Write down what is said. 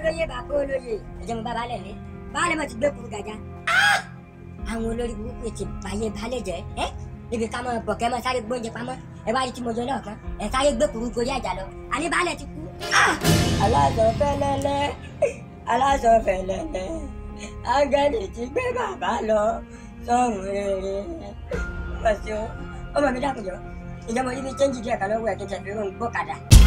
olóyè bàbá olóyè ìjọba bàbá lẹ̀ ní baálẹ̀ mọ̀ ti gbé kuru gàjà. Ah! àwọn olórí burúkú ti bàyè baálẹ̀ jẹ́ ẹ́ níbi ká mọ bọ̀kẹ́ mọ sáré gbóúnjẹ pamọ́ ẹ wá rí tí mo jọ náà kan ẹ sáré gbé kuru gorí àjà lọ àní baálẹ̀ ti kú. Ah! aláṣọ fẹlẹlẹ aláṣọ fẹlẹlẹ ángẹ́lì ti gbé bàbá lọ sọ́run rere ọmọ mi dákun jọ ìjọba orí mi chẹ́ńjì díẹ̀ kan lọ́wọ́ ẹ̀ kẹjẹ pé ó ń gbókàdá.